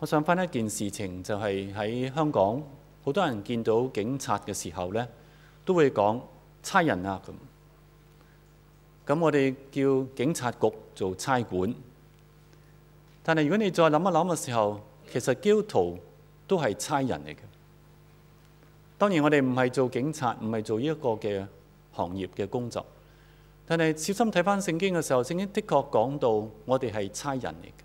我想翻一件事情，就係、是、喺香港，好多人見到警察嘅時候呢，都會講差人啊咁。咁我哋叫警察局做差館。但係如果你再諗一諗嘅時候，其實基督徒都係差人嚟嘅。當然我哋唔係做警察，唔係做呢一個嘅行業嘅工作。但係小心睇翻聖經嘅時候，聖經的確講到我哋係差人嚟嘅。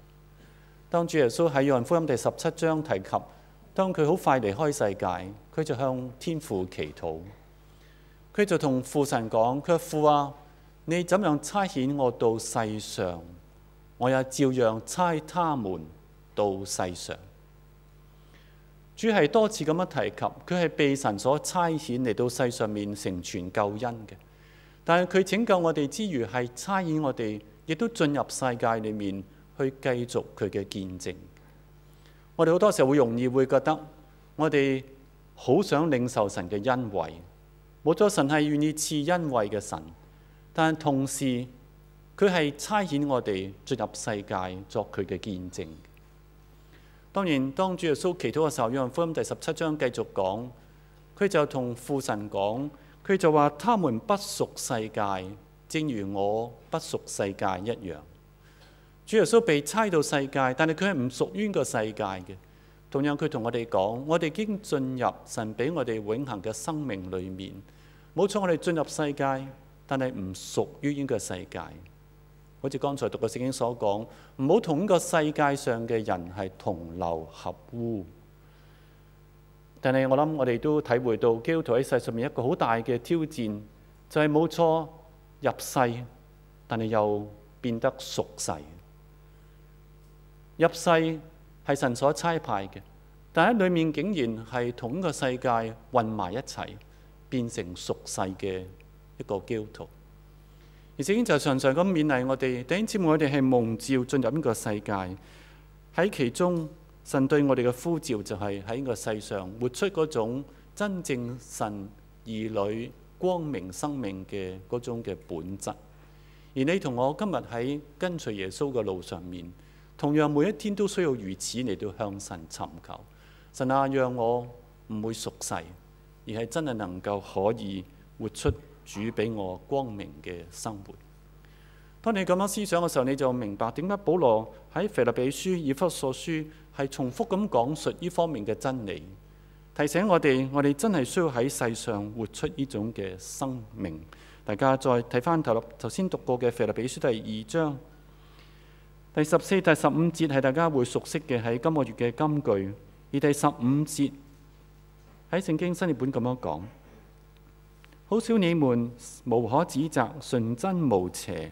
當主耶穌喺約翰福音第十七章提及，當佢好快離開世界，佢就向天父祈禱，佢就同父神講：佢父啊，你怎樣差遣我到世上，我也照樣差他們到世上。主係多次咁樣提及，佢係被神所差遣嚟到世上面成全救恩嘅。但係佢拯救我哋之餘，係差遣我哋，亦都進入世界裏面。去繼續佢嘅見證。我哋好多時候會容易會覺得，我哋好想領受神嘅恩惠。冇錯，神係願意賜恩惠嘅神，但同時佢係差遣我哋進入世界作佢嘅見證。當然，當主耶穌祈禱嘅時候，《約翰福音》第十七章繼續講，佢就同父神講，佢就話：他們不屬世界，正如我不屬世界一樣。主耶穌被差到世界，但係佢係唔屬於呢個世界嘅。同樣，佢同我哋講：我哋已經進入神俾我哋永恆嘅生命裏面。冇錯，我哋進入世界，但係唔屬於呢個世界。好似剛才讀過聖經所講，唔好同呢個世界上嘅人係同流合污。但係我諗，我哋都體會到基督徒喺世上面一個好大嘅挑戰，就係冇錯入世，但係又變得屬世。入世係神所差派嘅，但喺裏面竟然係同呢個世界混埋一齊，變成俗世嘅一個基督徒。而聖經就常常咁勉勵我哋，第一次我哋係蒙召進入呢個世界，喺其中神對我哋嘅呼召就係喺呢個世上活出嗰種真正神兒女光明生命嘅嗰種嘅本質。而你同我今日喺跟隨耶穌嘅路上面。同樣每一天都需要如此嚟到向神尋求，神啊，讓我唔會屬世，而係真係能夠可以活出主俾我光明嘅生活。當你咁樣思想嘅時候，你就明白點解保羅喺腓立比書、以弗所書係重複咁講述呢方面嘅真理，提醒我哋，我哋真係需要喺世上活出呢種嘅生命。大家再睇返頭頭先讀過嘅腓立比書第二章。第十四、第十五節係大家會熟悉嘅，喺今個月嘅金句。而第十五節喺《聖經新譯本》咁樣講：好少你們無可指責，純真無邪，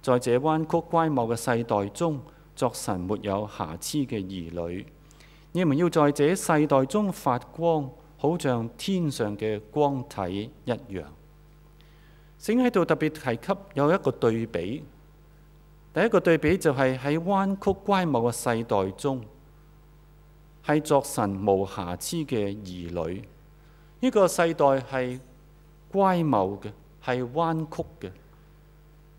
在這彎曲乖謬嘅世代中，作神沒有瑕疵嘅兒女。你們要在這世代中發光，好像天上嘅光體一樣。整喺度特別提及有一個對比。第一個對比就係喺彎曲乖謬嘅世代中，係作神無瑕疵嘅兒女。呢、這個世代係乖謬嘅，係彎曲嘅。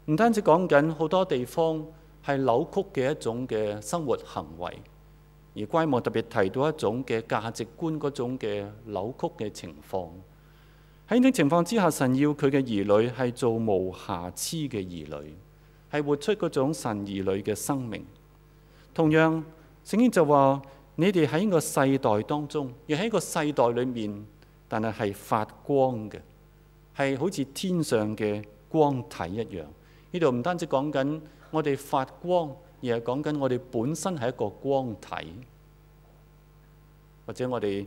唔單止講緊好多地方係扭曲嘅一種嘅生活行為，而乖謬特別提到一種嘅價值觀嗰種嘅扭曲嘅情況。喺呢種情況之下，神要佢嘅兒女係做無瑕疵嘅兒女。係活出嗰種神兒女嘅生命。同樣，聖經就話：你哋喺個世代當中，亦喺個世代裏面，但係係發光嘅，係好似天上嘅光體一樣。呢度唔單止講緊我哋發光，而係講緊我哋本身係一個光體，或者我哋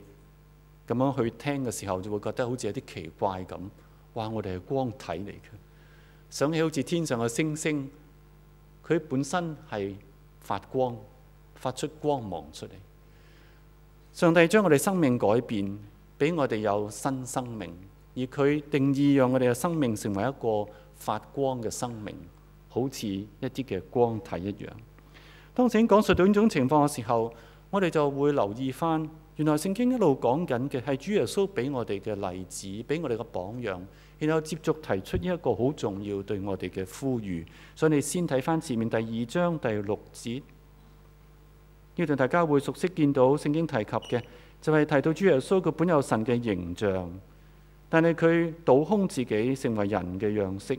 咁樣去聽嘅時候，就會覺得好似有啲奇怪咁。哇！我哋係光體嚟嘅。想起好似天上嘅星星，佢本身係發光，發出光芒出嚟。上帝將我哋生命改變，俾我哋有新生命，而佢定義讓我哋嘅生命成為一個發光嘅生命，好似一啲嘅光體一樣。當請講述到呢種情況嘅時候，我哋就會留意翻，原來聖經一路講緊嘅，係主耶穌俾我哋嘅例子，俾我哋嘅榜樣。然後接續提出一個好重要對我哋嘅呼籲，所以你先睇返前面第二章第六節，呢度大家會熟悉見到聖經提及嘅，就係、是、提到主耶穌佢本有神嘅形象，但係佢倒空自己成為人嘅樣式。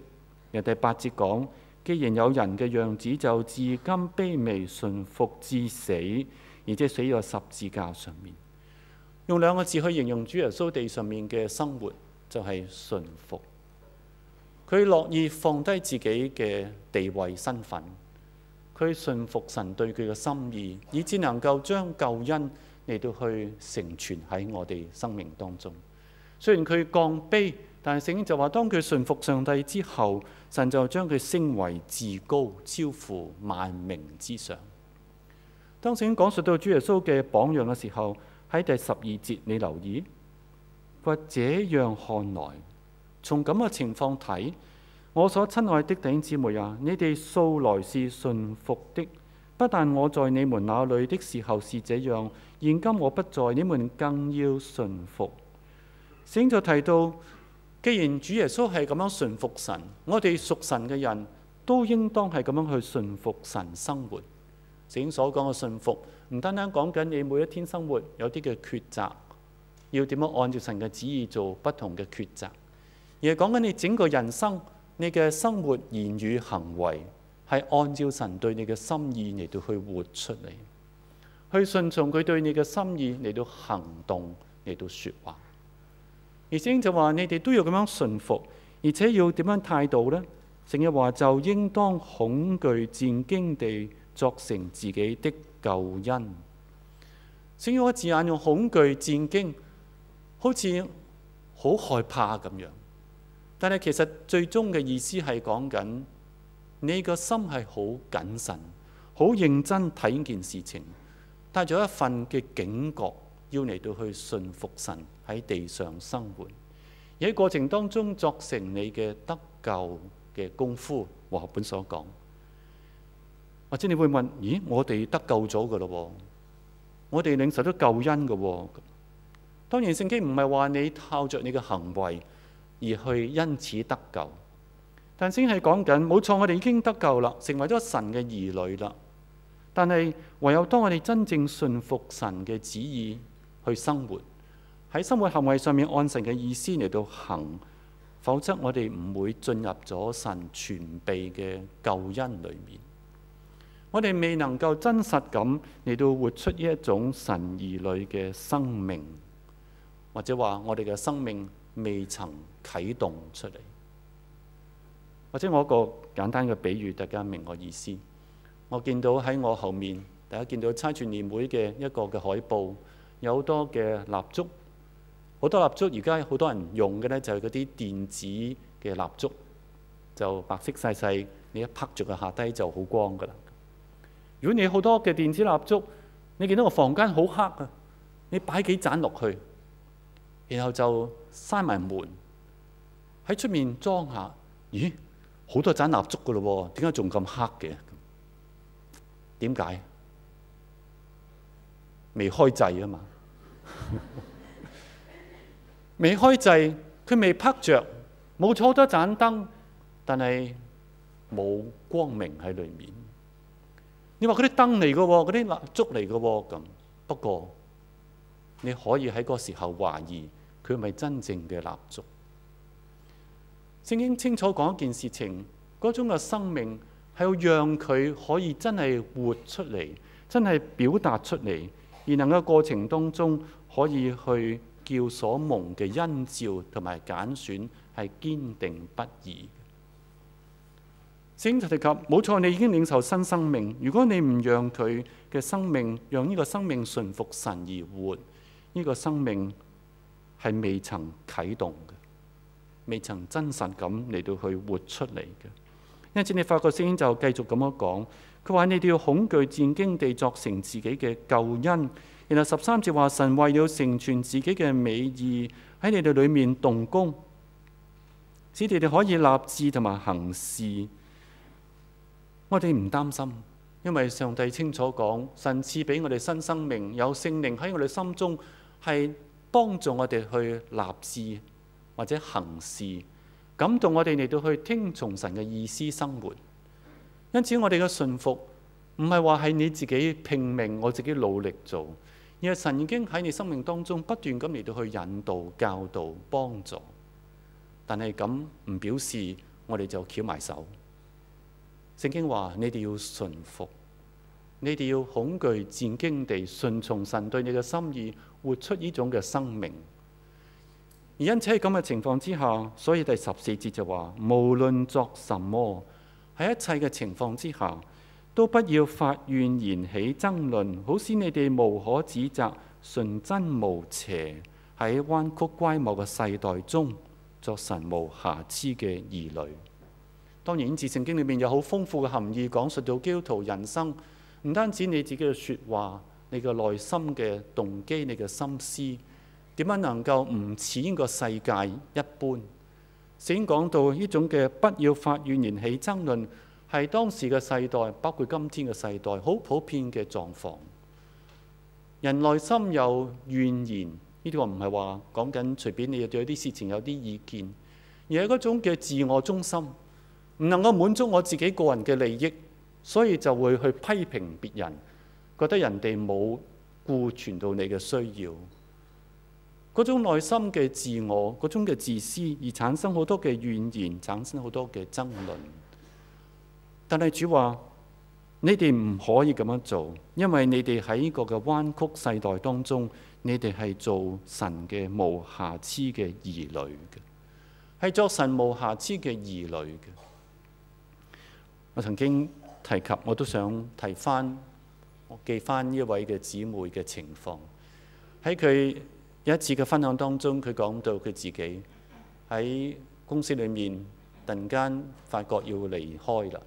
然後第八節講，既然有人嘅樣子，就至今卑微順服至死，而且死喺十字架上面。用兩個字去形容主耶穌地上面嘅生活。就係順服，佢樂意放低自己嘅地位身份，佢順服神對佢嘅心意，以至能夠將救恩嚟到去成全喺我哋生命當中。雖然佢降卑，但係聖經就話，當佢順服上帝之後，神就將佢升為至高，超乎萬名之上。當聖經講述到主耶穌嘅榜樣嘅時候，喺第十二節，你留意。話這樣看來，從咁嘅情況睇，我所親愛的弟兄姊妹啊，你哋素來是順服的。不但我在你們那裏的時候是這樣，現今我不在，你們更要順服。聖經就提到，既然主耶穌係咁樣順服神，我哋屬神嘅人都應當係咁樣去順服神生活。聖經所講嘅順服，唔單單講緊你每一天生活有啲嘅抉擇，要點樣按照神嘅旨意做不同嘅抉擇，而係講緊你整個人生、你嘅生活、言語、行為，係按照神對你嘅心意嚟到去活出嚟，去順從佢對你嘅心意嚟到行動嚟到說話。而聖經就話你哋都要咁樣順服，而且要點樣態度呢？成日話就應當恐懼戰驚地作成自己的救恩。聖經個我字眼用恐懼戰驚。好似好害怕咁樣，但係其實最終嘅意思係講緊你個心係好謹慎、好認真睇件事情，帶咗一份嘅警覺，要嚟到去順服神喺地上生活，而喺過程當中作成你嘅得救嘅功夫。和合本所講，或者你會問：咦，我哋得救咗噶咯？我哋領受咗救恩噶。當然，聖經唔係話你靠着你嘅行為而去，因此得救。但先係講緊冇錯，我哋已經得救啦，成為咗神嘅兒女啦。但係唯有當我哋真正信服神嘅旨意去生活，喺生活行為上面按神嘅意思嚟到行，否則我哋唔會進入咗神全備嘅救恩裏面。我哋未能夠真實咁嚟到活出一種神兒女嘅生命。或者話，我哋嘅生命未曾啟動出嚟，或者我一個簡單嘅比喻，大家明我意思。我見到喺我後面，大家見到差傳年會嘅一個嘅海報，有好多嘅蠟燭，好多蠟燭。而家好多人用嘅咧就係嗰啲電子嘅蠟燭，就白色細細，你一拍著個下低就好光噶啦。如果你好多嘅電子蠟燭，你見到個房間好黑啊，你擺幾盞落去？然後就閂埋門，喺出面裝下，咦，好多盞蠟燭噶咯，點解仲咁黑嘅？點解？未開制啊嘛，未 開制，佢未拍着，冇錯，好多盞燈，但係冇光明喺裏面。你話嗰啲燈嚟噶，嗰啲蠟燭嚟噶，咁不過你可以喺嗰時候懷疑。佢咪真正嘅立足？聖經清楚講一件事情，嗰種嘅生命係要讓佢可以真係活出嚟，真係表達出嚟，而能夠過程當中可以去叫所蒙嘅恩召同埋揀選係堅定不移。聖經就提及，冇錯，你已經領受新生命。如果你唔讓佢嘅生命，讓呢個生命順服神而活，呢個生命。係未曾啟動嘅，未曾真實咁嚟到去活出嚟嘅。因此你發個聲就繼續咁樣講，佢話你哋要恐懼戰兢地作成自己嘅救恩。然後十三節話神為了成全自己嘅美意喺你哋裏面動工，使你哋可以立志同埋行事。我哋唔擔心，因為上帝清楚講，神賜俾我哋新生命，有聖靈喺我哋心中係，幫助我哋去立志或者行事，感動我哋嚟到去聽從神嘅意思生活。因此，我哋嘅順服唔係話係你自己拼命，我自己努力做，而係神已經喺你生命當中不斷咁嚟到去引導、教導、幫助。但係咁唔表示我哋就翹埋手。聖經話：你哋要順服，你哋要恐懼戰兢地順從神對你嘅心意。活出呢種嘅生命，而因此喺咁嘅情況之下，所以第十四節就話：無論作什麼，喺一切嘅情況之下，都不要發怨言、起爭論，好使你哋無可指責，純真無邪，喺彎曲乖謬嘅世代中作神無瑕疵嘅兒女。當然，自聖經裏面有好豐富嘅含義，講述到基督徒人生，唔單止你自己嘅説話。你嘅內心嘅動機，你嘅心思點樣能夠唔似呢個世界一般？先講到呢種嘅不要發怨言起爭論，係當時嘅世代，包括今天嘅世代，好普遍嘅狀況。人內心有怨言，呢啲話唔係話講緊隨便你對啲事情有啲意見，而係嗰種嘅自我中心，唔能夠滿足我自己個人嘅利益，所以就會去批評別人。覺得人哋冇顧全到你嘅需要，嗰種內心嘅自我，嗰種嘅自私，而產生好多嘅怨言，產生好多嘅爭論。但係主話：你哋唔可以咁樣做，因為你哋喺呢個嘅彎曲世代當中，你哋係做神嘅無瑕疵嘅兒女嘅，係作神無瑕疵嘅兒女嘅。我曾經提及，我都想提返。我記翻呢一位嘅姊妹嘅情況，喺佢有一次嘅分享當中，佢講到佢自己喺公司裡面突然間發覺要離開啦。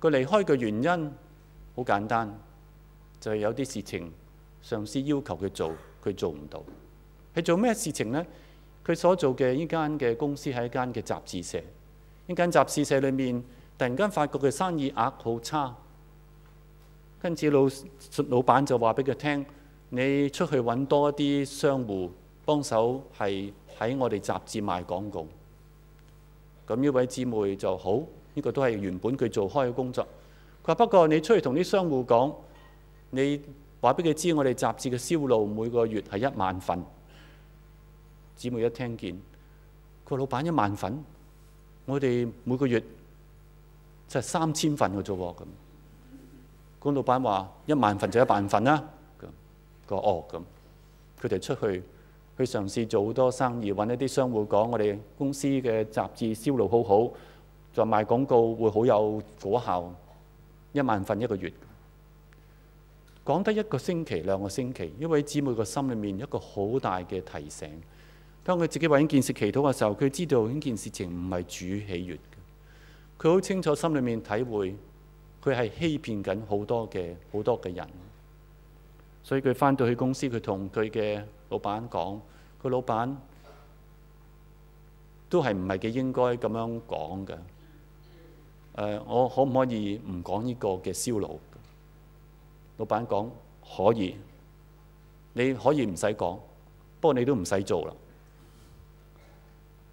佢離開嘅原因好簡單，就係有啲事情上司要求佢做，佢做唔到。係做咩事情呢？佢所做嘅呢間嘅公司係一間嘅雜誌社，呢間雜誌社裡面突然間發覺嘅生意額好差。跟住老老闆就話俾佢聽：你出去揾多啲商戶幫手，係喺我哋雜誌賣廣告。咁呢位姊妹就好，呢、呢個都係原本佢做開嘅工作。佢話：不過你出去同啲商戶講，你話俾佢知我哋雜誌嘅銷路每個月係一萬份。姊妹一聽見，佢話：老闆一萬份，我哋每個月就係三千份嘅啫喎咁。公老闆話：一萬份就一萬份啦、啊，個惡咁。佢、哦、哋出去去嘗試做好多生意，揾一啲商戶講：我哋公司嘅雜誌銷路好好，就賣廣告會好有果效。一萬份一個月，講得一個星期兩個星期，一位姊妹個心裏面一個好大嘅提醒。當佢自己為件事祈禱嘅時候，佢知道呢件事情唔係主喜悅嘅。佢好清楚心裏面體會。佢係欺騙緊好多嘅好多嘅人，所以佢返到去公司，佢同佢嘅老闆講，佢老闆都係唔係幾應該咁樣講嘅？誒，我可唔可以唔講呢個嘅銷路？老闆講，可以，你可以唔使講，不過你都唔使做啦。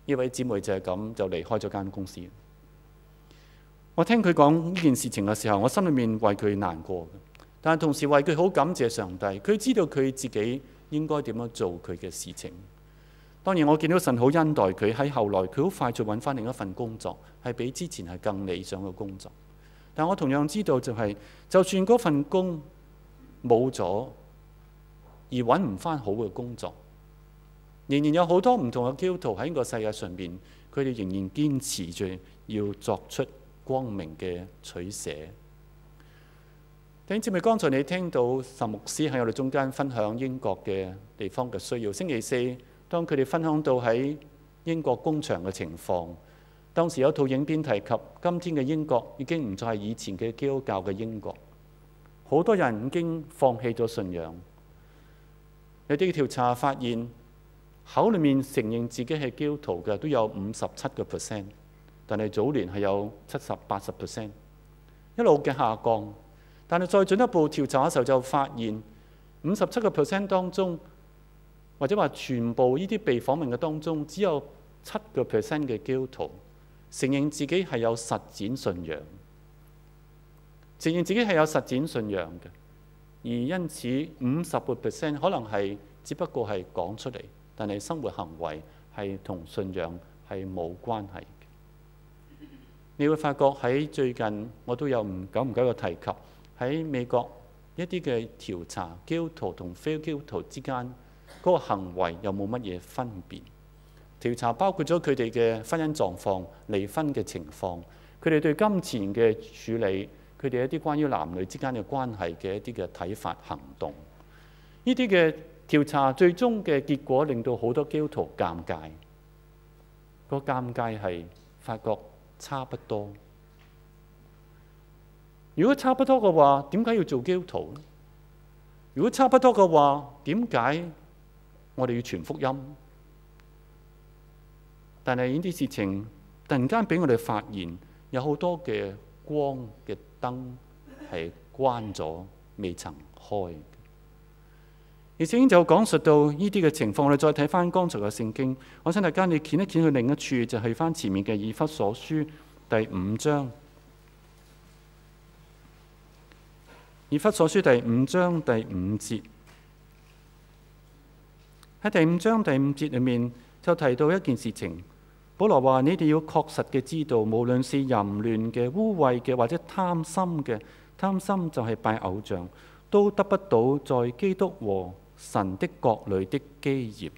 呢位姊妹就係咁就離開咗間公司。我聽佢講呢件事情嘅時候，我心裏面為佢難過，但同時為佢好感謝上帝。佢知道佢自己應該點樣做佢嘅事情。當然，我見到神好恩待佢喺後來，佢好快就揾翻另一份工作，係比之前係更理想嘅工作。但我同樣知道就係，就算嗰份工冇咗，而揾唔翻好嘅工作，仍然有好多唔同嘅基督徒喺呢個世界上面，佢哋仍然堅持住要作出。光明嘅取捨。弟兄姊妹，剛才你聽到神牧師喺我哋中間分享英國嘅地方嘅需要。星期四，當佢哋分享到喺英國工場嘅情況，當時有套影片提及，今天嘅英國已經唔再係以前嘅基督教嘅英國，好多人已經放棄咗信仰。有啲調查發現，口裏面承認自己係基督徒嘅都有五十七個 percent。但係早年係有七十八十 percent 一路嘅下降，但係再進一步調查嘅時候就發現，五十七個 percent 當中，或者話全部呢啲被訪問嘅當中，只有七個 percent 嘅基督徒承認自己係有實踐信仰，承認自己係有實踐信仰嘅，而因此五十個 percent 可能係只不過係講出嚟，但係生活行為係同信仰係冇關係。你會發覺喺最近，我都有唔久唔久嘅提及喺美國一啲嘅調查，基督徒同非基督徒之間嗰個行為有冇乜嘢分別？調查包括咗佢哋嘅婚姻狀況、離婚嘅情況、佢哋對金錢嘅處理、佢哋一啲關於男女之間嘅關係嘅一啲嘅睇法、行動。呢啲嘅調查最終嘅結果令到好多基督徒尷尬，嗰個尷尬係發覺。差不多。如果差不多嘅話，點解要做基督徒咧？如果差不多嘅話，點解我哋要傳福音？但係呢啲事情突然間俾我哋發現，有好多嘅光嘅燈係關咗，未曾開嘅。而且就講述到呢啲嘅情況，我哋再睇翻剛才嘅聖經。我想大家你見一見去另一處，就係、是、翻前面嘅《以弗所書》第五章。《以弗所書》第五章第五節，喺第五章第五節裏面就提到一件事情。保羅話：你哋要確實嘅知道，無論是淫亂嘅、污穢嘅，或者貪心嘅，貪心就係拜偶像，都得不到在基督和神的國裏的基業，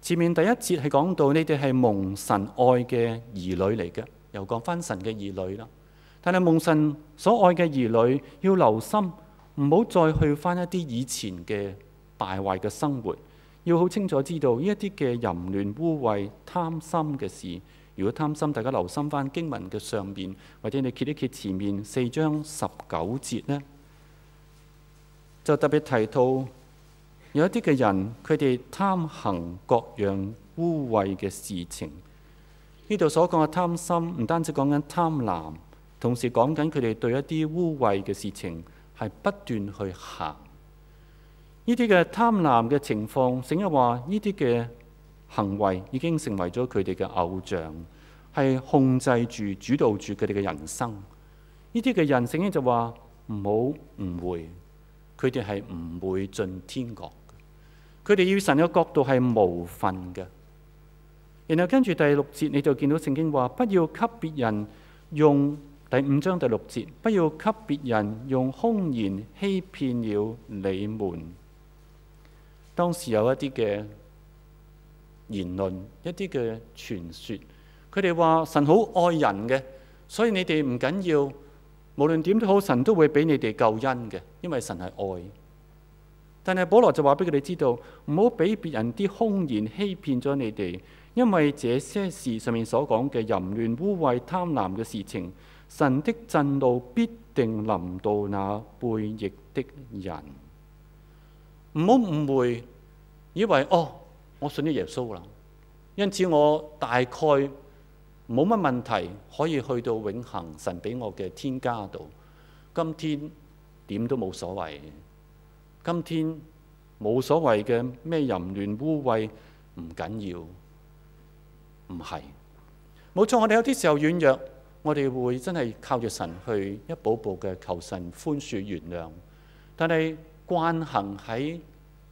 前面第一節係講到，你哋係蒙神愛嘅兒女嚟嘅，又講翻神嘅兒女啦。但係蒙神所愛嘅兒女要留心，唔好再去翻一啲以前嘅敗壞嘅生活，要好清楚知道呢一啲嘅淫亂污穢、貪心嘅事。如果貪心，大家留心翻經文嘅上邊，或者你揭一揭前面四章十九節呢，就特別提到。有一啲嘅人，佢哋貪行各樣污穢嘅事情。呢度所講嘅貪心，唔單止講緊貪婪，同時講緊佢哋對一啲污穢嘅事情係不斷去行。呢啲嘅貪婪嘅情況，聖經話呢啲嘅行為已經成為咗佢哋嘅偶像，係控制住、主導住佢哋嘅人生。呢啲嘅人，聖經就話唔好誤會，佢哋係唔會進天國。佢哋與神嘅角度係無份嘅。然後跟住第六節你就見到聖經話：不要給別人用第五章第六節，不要給別人用空言欺騙了你們。當時有一啲嘅言論，一啲嘅傳説，佢哋話神好愛人嘅，所以你哋唔緊要，無論點都好，神都會俾你哋救恩嘅，因為神係愛。但係保羅就話俾佢哋知道，唔好俾別人啲空言欺騙咗你哋，因為這些事上面所講嘅淫亂、污穢、貪婪嘅事情，神的震怒必定臨到那背逆的人。唔好誤會，以為哦，我信咗耶穌啦，因此我大概冇乜問題可以去到永恒神俾我嘅天家度。今天點都冇所謂。今天冇所謂嘅咩？淫亂污穢唔緊要，唔係？冇錯。我哋有啲時候軟弱，我哋會真係靠住神去一步一步嘅求神寬恕原諒。但係慣行喺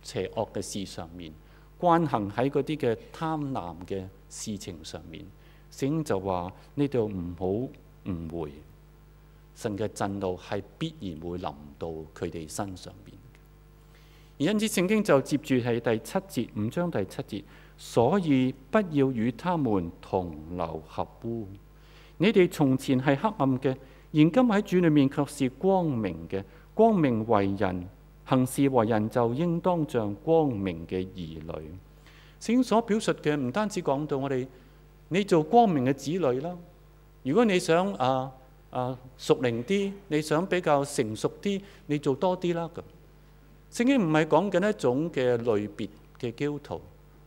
邪惡嘅事上面，慣行喺嗰啲嘅貪婪嘅事情上面，聖經就話呢度唔好誤會神嘅震怒係必然會臨到佢哋身上邊。因此，聖經就接住係第七節五章第七節，所以不要與他們同流合污。你哋從前係黑暗嘅，現今喺主裏面卻是光明嘅。光明為人，行事為人就應當像光明嘅兒女。聖經所表述嘅唔單止講到我哋，你做光明嘅子女啦。如果你想啊啊熟齡啲，你想比較成熟啲，你做多啲啦咁。聖經唔係講緊一種嘅類別嘅基督徒，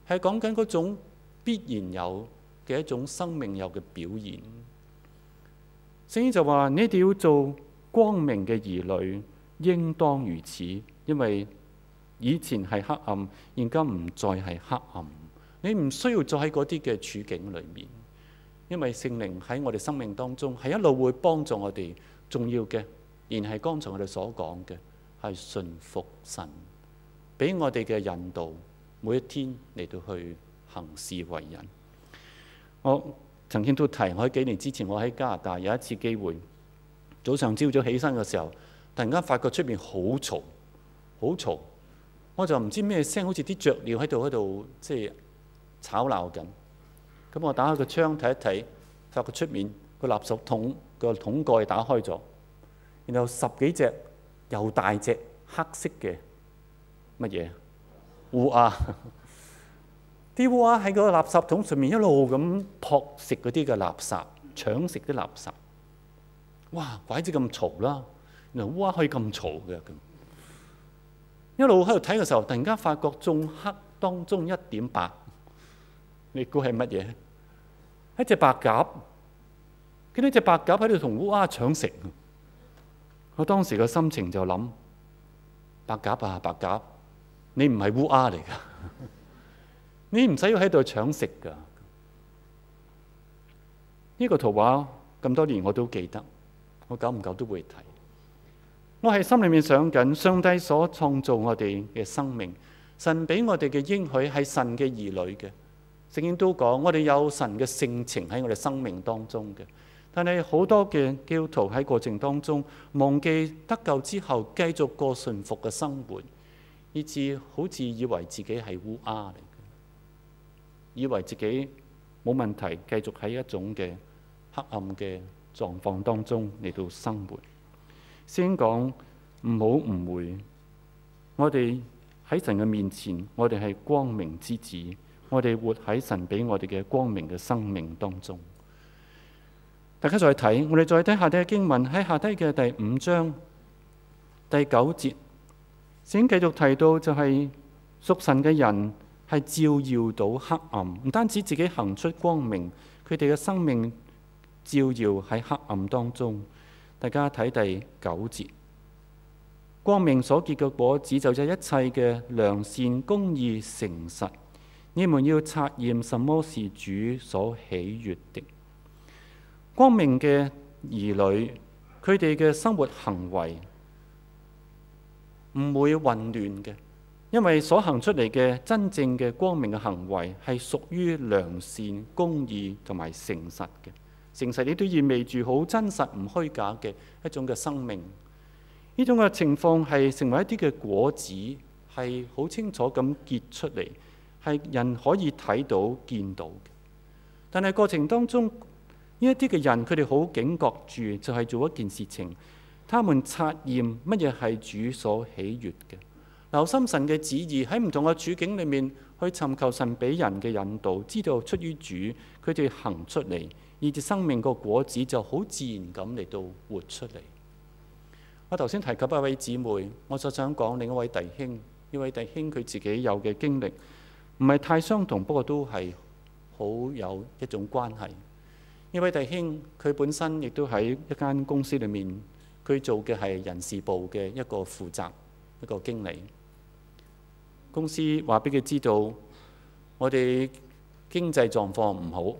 係講緊嗰種必然有嘅一種生命有嘅表現。聖經就話：你哋要做光明嘅兒女，應當如此，因為以前係黑暗，而家唔再係黑暗。你唔需要再喺嗰啲嘅處境裏面，因為聖靈喺我哋生命當中係一路會幫助我哋。重要嘅，而係剛才我哋所講嘅。係信服神，俾我哋嘅引導，每一天嚟到去行事為人。我曾經都提，我喺幾年之前，我喺加拿大有一次機會，早上朝早起身嘅時候，突然間發覺出面好嘈，好嘈，我就唔知咩聲，好似啲雀鳥喺度喺度即係吵鬧緊。咁我打開個窗睇一睇，發覺出面個垃圾桶個桶蓋打開咗，然後十幾隻。又大隻，黑色嘅乜嘢烏鴉？啲 烏鴉喺個垃圾桶上面一路咁撲食嗰啲嘅垃圾，搶食啲垃圾。哇！鬼子咁嘈啦，原來烏鴉可以咁嘈嘅咁。一路喺度睇嘅時候，突然間發覺仲黑當中一點白，你估係乜嘢？一隻白鴿，見到隻白鴿喺度同烏鴉搶食。我當時個心情就諗：白鴿啊，白鴿，你唔係烏鴉嚟噶，你唔使要喺度搶食噶。呢個圖畫咁多年我都記得，我久唔久都會睇。我喺心裏面想緊上帝所創造我哋嘅生命，神俾我哋嘅應許係神嘅兒女嘅。聖經都講，我哋有神嘅性情喺我哋生命當中嘅。但係好多嘅基督徒喺過程當中，忘記得救之後繼續過順服嘅生活，以至好似以為自己係烏鴉嚟嘅，以為自己冇問題，繼續喺一種嘅黑暗嘅狀況當中嚟到生活。先講唔好誤會，我哋喺神嘅面前，我哋係光明之子，我哋活喺神俾我哋嘅光明嘅生命當中。大家再睇，我哋再睇下低嘅經文喺下低嘅第五章第九節，先繼續提到就係、是、屬神嘅人係照耀到黑暗，唔單止自己行出光明，佢哋嘅生命照耀喺黑暗當中。大家睇第九節，光明所結嘅果子就係一切嘅良善、公義、誠實。你們要察驗什麼是主所喜悅的。光明嘅兒女，佢哋嘅生活行為唔會混亂嘅，因為所行出嚟嘅真正嘅光明嘅行為係屬於良善、公義同埋誠實嘅。誠實亦都意味住好真實、唔虛假嘅一種嘅生命。呢種嘅情況係成為一啲嘅果子，係好清楚咁結出嚟，係人可以睇到、見到嘅。但係過程當中，呢一啲嘅人，佢哋好警覺住，就係做一件事情。他們察驗乜嘢係主所喜悅嘅，留心神嘅旨意，喺唔同嘅處境裏面去尋求神俾人嘅引導，知道出於主，佢哋行出嚟，以至生命個果子就好自然咁嚟到活出嚟。我頭先提及一位姊妹，我就想講另一位弟兄。呢位弟兄佢自己有嘅經歷唔係太相同，不過都係好有一種關係。呢位弟兄，佢本身亦都喺一間公司裏面，佢做嘅係人事部嘅一個負責一個經理。公司話俾佢知道，我哋經濟狀況唔好，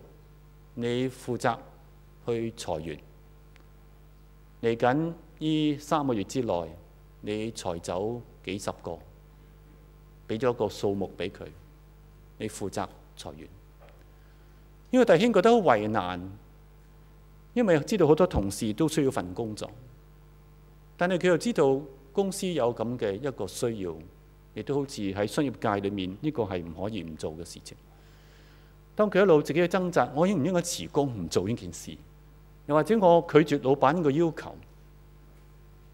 你負責去裁員。嚟緊呢三個月之內，你裁走幾十個，俾咗個數目俾佢，你負責裁員。因為弟兄覺得好為難，因為知道好多同事都需要份工作，但係佢又知道公司有咁嘅一個需要，亦都好似喺商業界裏面呢個係唔可以唔做嘅事情。當佢一路自己去掙扎，我應唔應該辭工唔做呢件事？又或者我拒絕老闆個要求？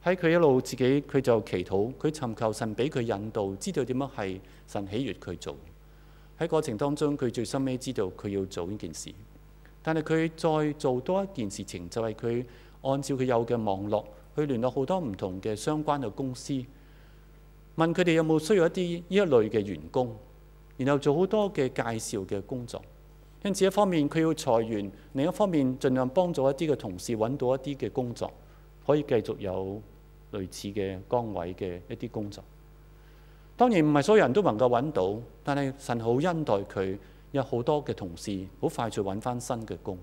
喺佢一路自己，佢就祈禱，佢尋求神俾佢引導，知道點樣係神喜悅佢做。喺過程當中，佢最深屘知道佢要做呢件事，但係佢再做多一件事情，就係佢按照佢有嘅網絡，去聯絡好多唔同嘅相關嘅公司，問佢哋有冇需要一啲呢一類嘅員工，然後做好多嘅介紹嘅工作。因此一方面佢要裁員，另一方面盡量幫助一啲嘅同事揾到一啲嘅工作，可以繼續有類似嘅崗位嘅一啲工作。當然唔係所有人都能夠揾到，但係神好恩待佢，有好多嘅同事好快就揾翻新嘅工。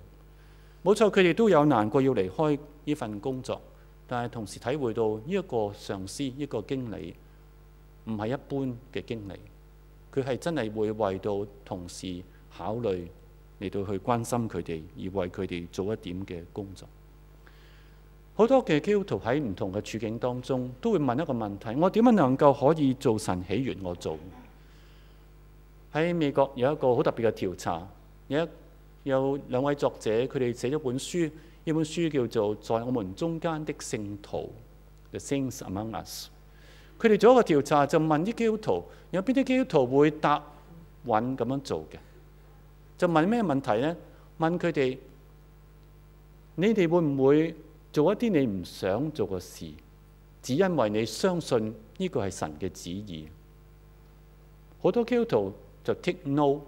冇錯，佢哋都有難過要離開呢份工作，但係同時體會到呢一個上司、一個經理唔係一般嘅經理，佢係真係會為到同事考慮嚟到去關心佢哋，而為佢哋做一點嘅工作。好多嘅基督徒喺唔同嘅處境當中，都會問一個問題，我點樣能夠可以做神喜悅我做？喺美國有一個好特別嘅調查，有一有兩位作者佢哋寫咗本書，呢本書叫做《在我們中間的聖徒》（The Saints Among Us）。佢哋做一個調查，就問啲基督徒有邊啲基督徒會答允咁樣做嘅？就問咩問題咧？問佢哋：你哋會唔會……」做一啲你唔想做嘅事，只因為你相信呢個係神嘅旨意。好多基督徒就 take no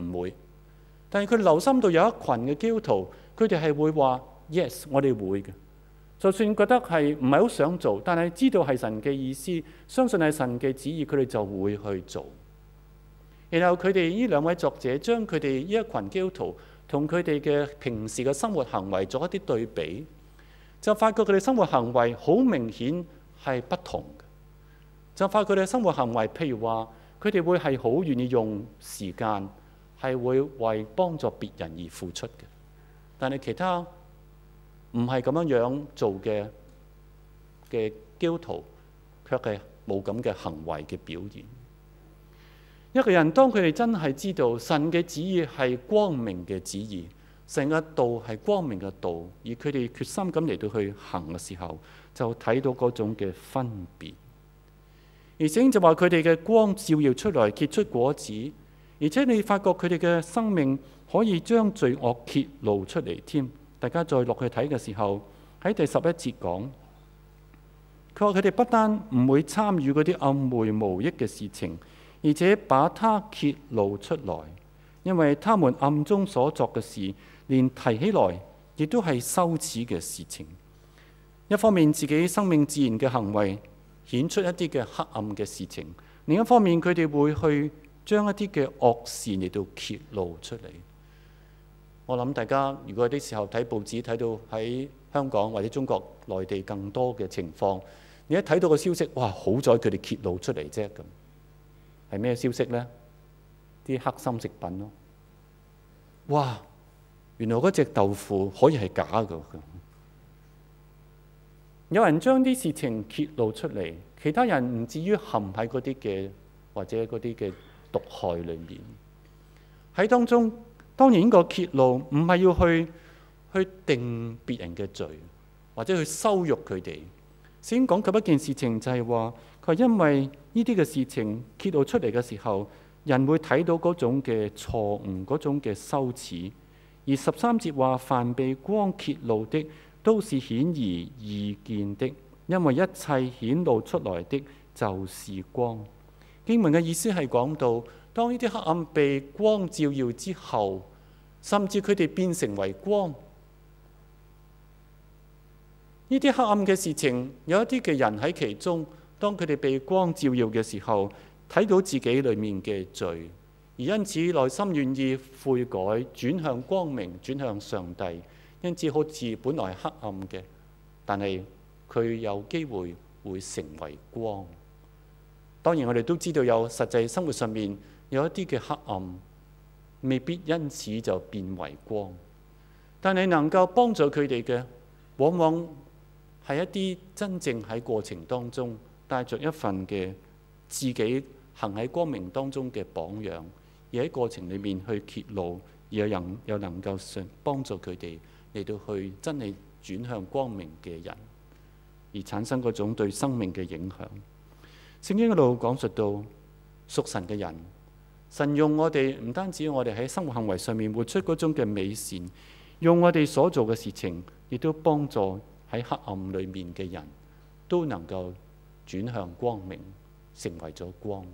唔會，但係佢留心到有一群嘅基督徒，佢哋係會話 yes，我哋會嘅。就算覺得係唔係好想做，但係知道係神嘅意思，相信係神嘅旨意，佢哋就會去做。然後佢哋呢兩位作者將佢哋呢一群基督徒同佢哋嘅平時嘅生活行為做一啲對比。就發覺佢哋生活行為好明顯係不同嘅，就發覺佢哋生活行為，譬如話佢哋會係好願意用時間，係會為幫助別人而付出嘅，但係其他唔係咁樣樣做嘅嘅基督徒，卻係冇咁嘅行為嘅表現。一個人當佢哋真係知道神嘅旨意係光明嘅旨意，成個道係光明嘅道，而佢哋決心咁嚟到去行嘅時候，就睇到嗰種嘅分別。而且就話佢哋嘅光照耀出來，結出果子，而且你發覺佢哋嘅生命可以將罪惡揭露出嚟添。大家再落去睇嘅時候，喺第十一節講，佢話佢哋不單唔會參與嗰啲暗昧無益嘅事情，而且把它揭露出來，因為他們暗中所作嘅事，連提起來亦都係羞恥嘅事情。一方面自己生命自然嘅行為顯出一啲嘅黑暗嘅事情；另一方面佢哋會去將一啲嘅惡事嚟到揭露出嚟。我諗大家如果有啲時候睇報紙睇到喺香港或者中國內地更多嘅情況，你一睇到個消息，哇！好在佢哋揭露出嚟啫。咁，係咩消息呢？啲黑心食品咯，哇！原來嗰隻豆腐可以係假嘅。有人將啲事情揭露出嚟，其他人唔至於陷喺嗰啲嘅或者嗰啲嘅毒害裡面喺當中。當然，個揭露唔係要去去定別人嘅罪，或者去羞辱佢哋。先講佢一件事情就，就係話佢因為呢啲嘅事情揭露出嚟嘅時候，人會睇到嗰種嘅錯誤，嗰種嘅羞恥。而十三節話，凡被光揭露的，都是顯而易見的，因為一切顯露出來的就是光。經文嘅意思係講到，當呢啲黑暗被光照耀之後，甚至佢哋變成為光。呢啲黑暗嘅事情，有一啲嘅人喺其中，當佢哋被光照耀嘅時候，睇到自己裏面嘅罪。而因此，內心願意悔改，轉向光明，轉向上帝。因此，好字本來係黑暗嘅，但係佢有機會會成為光。當然，我哋都知道有實際生活上面有一啲嘅黑暗，未必因此就變為光。但係能夠幫助佢哋嘅，往往係一啲真正喺過程當中帶着一份嘅自己行喺光明當中嘅榜樣。而喺過程裏面去揭露，而有人又能夠想幫助佢哋嚟到去真係轉向光明嘅人，而產生嗰種對生命嘅影響。聖經一路講述到屬神嘅人，神用我哋唔單止我哋喺生活行為上面活出嗰種嘅美善，用我哋所做嘅事情，亦都幫助喺黑暗裏面嘅人都能夠轉向光明，成為咗光。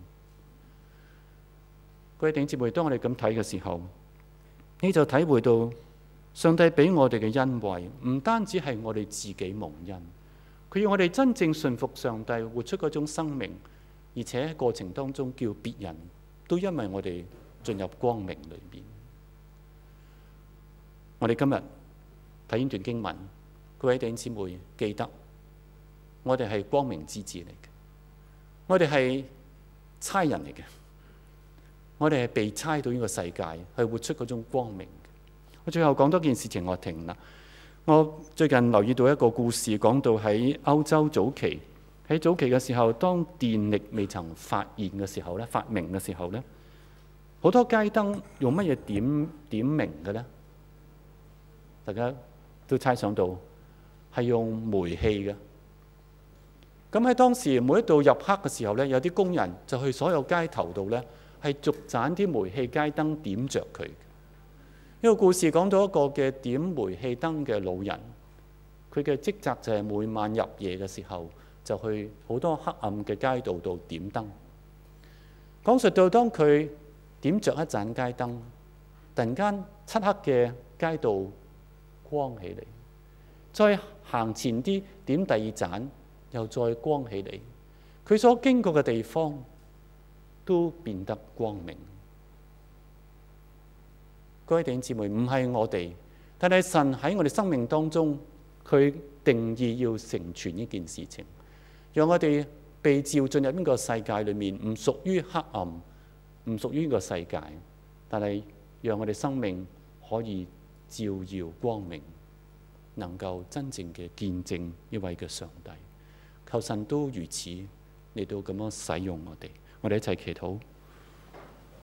各位弟兄姊妹，當我哋咁睇嘅時候，你就體會到上帝俾我哋嘅恩惠，唔單止係我哋自己蒙恩，佢要我哋真正信服上帝，活出嗰種生命，而且喺過程當中叫別人都因為我哋進入光明裏面。我哋今日睇呢段經文，各位弟兄姊妹記得，我哋係光明之子嚟嘅，我哋係差人嚟嘅。我哋係被猜到呢個世界，係活出嗰種光明。我最後講多件事情，我停啦。我最近留意到一個故事，講到喺歐洲早期，喺早期嘅時候，當電力未曾發現嘅時候咧，發明嘅時候咧，好多街燈用乜嘢點點明嘅咧？大家都猜想到係用煤氣嘅。咁喺當時每一度入黑嘅時候咧，有啲工人就去所有街頭度咧。係逐盞啲煤氣街燈點着佢。呢個故事講到一個嘅點煤氣燈嘅老人，佢嘅職責就係每晚入夜嘅時候就去好多黑暗嘅街道度點燈。講述到當佢點着一盞街燈，突然間漆黑嘅街道光起嚟，再行前啲點第二盞，又再光起嚟，佢所經過嘅地方都變得光明。各位弟兄姊妹，唔係我哋，但係神喺我哋生命當中，佢定意要成全呢件事情，讓我哋被召進入呢個世界裏面，唔屬於黑暗，唔屬於呢個世界，但係讓我哋生命可以照耀光明，能夠真正嘅見證一位嘅上帝。求神都如此嚟到咁樣使用我哋。我哋一齊祈禱。